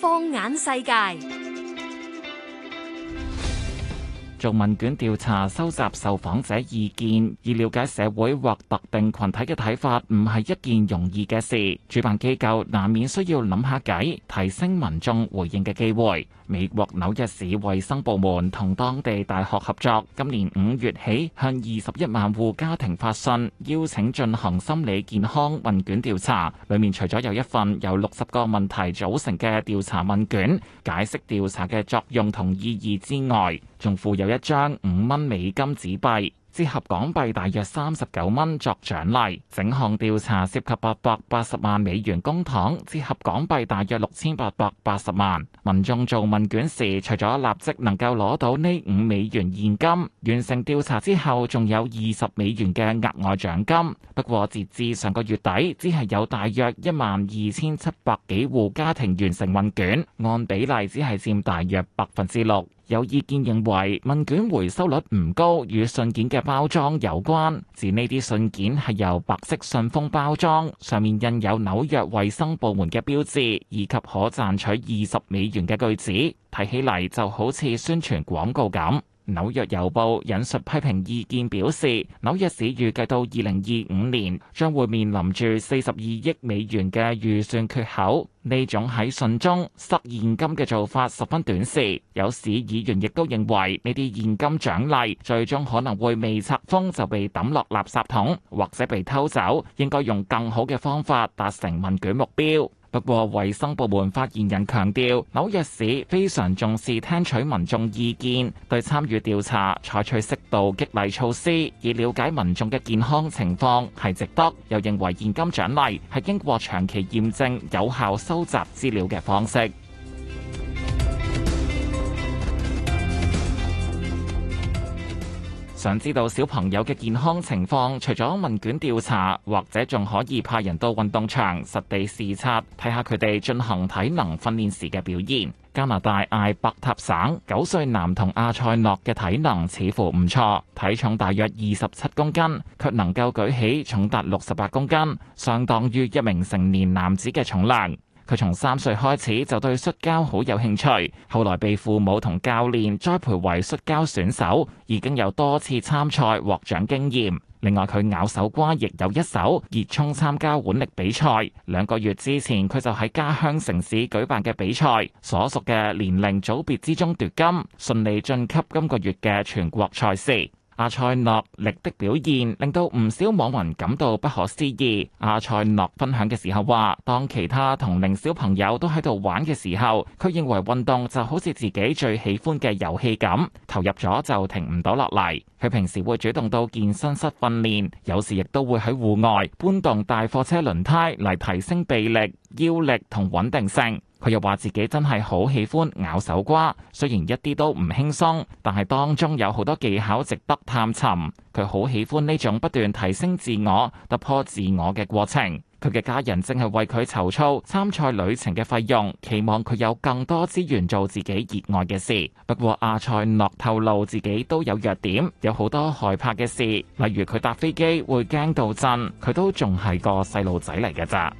放眼世界。做問卷調查，收集受訪者意見，以了解社會或特定群體嘅睇法，唔係一件容易嘅事。主辦機構難免需要諗下計，提升民眾回應嘅機會。美國紐約市衛生部門同當地大學合作，今年五月起向二十一萬戶家庭發信，邀請進行心理健康問卷調查。裏面除咗有一份由六十個問題組成嘅調查問卷，解釋調查嘅作用同意義之外，仲附有一張五蚊美金紙幣，折合港幣大約三十九蚊作獎勵。整項調查涉及八百八十萬美元公帑，折合港幣大約六千八百八十萬。民眾做問卷時，除咗立即能夠攞到呢五美元現金，完成調查之後，仲有二十美元嘅額外獎金。不過，截至上個月底，只係有大約一萬二千七百幾戶家庭完成問卷，按比例只係佔大約百分之六。有意見認為，問卷回收率唔高與信件嘅包裝有關。指呢啲信件係由白色信封包裝，上面印有紐約衛生部門嘅標誌，以及可賺取二十美元嘅句子，睇起嚟就好似宣傳廣告咁。紐約郵報引述批評意見表示，紐約市預計到二零二五年將會面臨住四十二億美元嘅預算缺口。呢種喺信中塞現金嘅做法十分短視。有市議員亦都認為，呢啲現金獎勵最終可能會未拆封就被抌落垃圾桶，或者被偷走，應該用更好嘅方法達成問卷目標。不過，衛生部門發言人強調，紐約市非常重視聽取民眾意見，對參與調查採取適度激勵措施，以了解民眾嘅健康情況係值得。又認為現金獎勵係經過長期驗證有效收集資料嘅方式。想知道小朋友嘅健康情況，除咗問卷調查，或者仲可以派人到運動場實地視察，睇下佢哋進行體能訓練時嘅表現。加拿大艾伯塔省九歲男童阿塞諾嘅體能似乎唔錯，體重大約二十七公斤，卻能夠舉起重達六十八公斤，相當於一名成年男子嘅重量。佢從三歲開始就對摔跤好有興趣，後來被父母同教練栽培為摔跤選手，已經有多次參賽獲獎經驗。另外，佢咬手瓜亦有一手，熱衷參加腕力比賽。兩個月之前，佢就喺家鄉城市舉辦嘅比賽，所屬嘅年齡組別之中奪金，順利晉級今個月嘅全國賽事。阿塞諾力的表現令到唔少網民感到不可思議。阿塞諾分享嘅時候話，當其他同齡小朋友都喺度玩嘅時候，佢認為運動就好似自己最喜歡嘅遊戲咁，投入咗就停唔到落嚟。佢平時會主動到健身室訓練，有時亦都會喺戶外搬動大貨車輪胎嚟提升臂力、腰力同穩定性。佢又話自己真係好喜歡咬手瓜，雖然一啲都唔輕鬆，但係當中有好多技巧值得探尋。佢好喜歡呢種不斷提升自我、突破自我嘅過程。佢嘅家人正係為佢籌措參賽旅程嘅費用，期望佢有更多資源做自己熱愛嘅事。不過阿塞諾透露自己都有弱點，有好多害怕嘅事，例如佢搭飛機會驚到震，佢都仲係個細路仔嚟嘅咋。